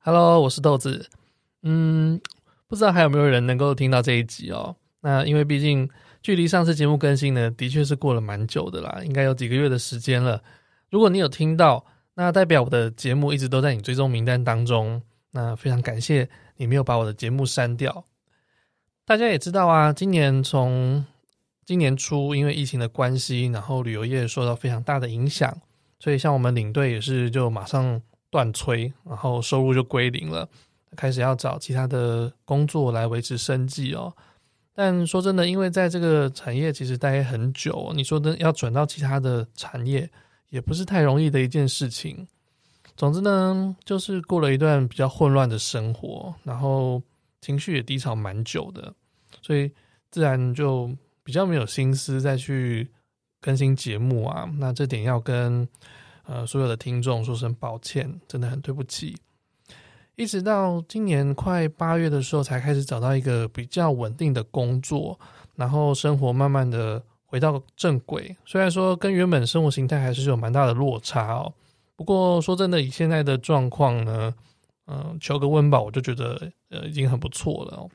哈嘍，Hello, 我是豆子。嗯，不知道還有沒有人能夠聽到這一集哦。那因為畢竟距離上次節目更新呢，的確是過了蠻久的啦，應該有幾個月的時間了。如果你有聽到，那代表我的節目一直都在你追蹤名單當中。那非常感謝你沒有把我的節目刪掉。大家也知道啊，今年從今年初因為疫情的關係，然後旅遊業受到非常大的影響，所以像我們領隊也是就馬上。斷炊，然後收入就歸零了，開始要找其他的工作來維持生計哦。但說真的，因為在這個產業其實待很久，你說的要轉到其他的產業，也不是太容易的一件事情。總之呢，就是過了一段比較混亂的生活，然後情緒也低潮蠻久的，所以自然就比較沒有心思再去更新節目啊。那這點要跟。呃，所有的聽眾說聲抱歉，真的很對不起。一直到今年快八月的時候，才開始找到一個比較穩定的工作，然後生活慢慢的回到正軌。雖然說跟原本生活形態還是有蠻大的落差哦，不過說真的，以現在的狀況呢，嗯、呃，求個溫飽我就覺得呃已經很不錯了哦。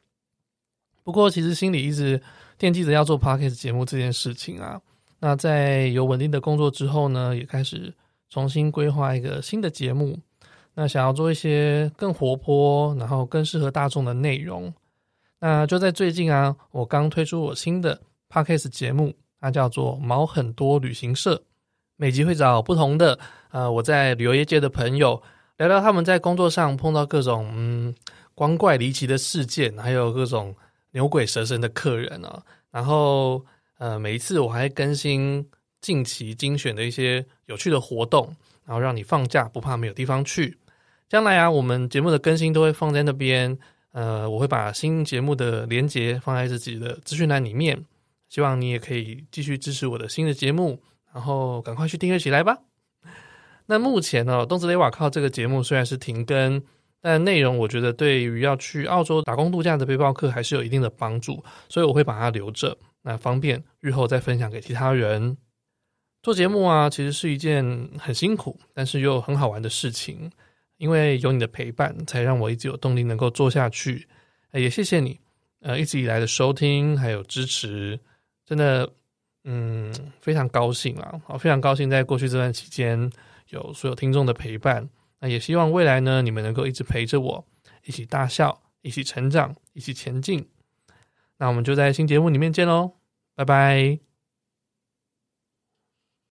不過其實心裡一直惦記着要做 Podcast 節目這件事情啊。那在有穩定的工作之後呢，也開始。重新規劃一個新的節目，那想要做一些更活潑，然後更適合大眾的內容。那就在最近啊，我剛推出我新的 Podcast 節目，它叫做《毛很多旅行社》，每集會找不同的呃我在旅遊業界的朋友，聊聊他們在工作上碰到各種嗯光怪離奇的事件，還有各種牛鬼蛇神的客人啊、哦。然後呃，每一次我還更新。近期精選的一些有趣的活動，然後讓你放假，不怕沒有地方去。將來啊，我們節目的更新都會放在那邊。呃，我會把新節目的鏈接放在自己的資訊欄裡面。希望你也可以繼續支持我的新的節目，然後趕快去訂閱起來吧。那目前呢、哦，《東子雷瓦靠》這個節目雖然是停更，但內容我覺得對於要去澳洲打工度假的背包客還是有一定的幫助，所以我會把它留着，那方便日後再分享給其他人。做節目啊，其實是一件很辛苦，但是又很好玩的事情。因為有你的陪伴，才讓我一直有動力能夠做下去。也謝謝你，呃，一直以來的收聽還有支持，真的，嗯，非常高興啊！非常高興在過去這段期間有所有聽眾的陪伴。那也希望未來呢，你們能夠一直陪着我，一起大笑，一起成長，一起前進。那我們就在新節目裡面見嘍，拜拜。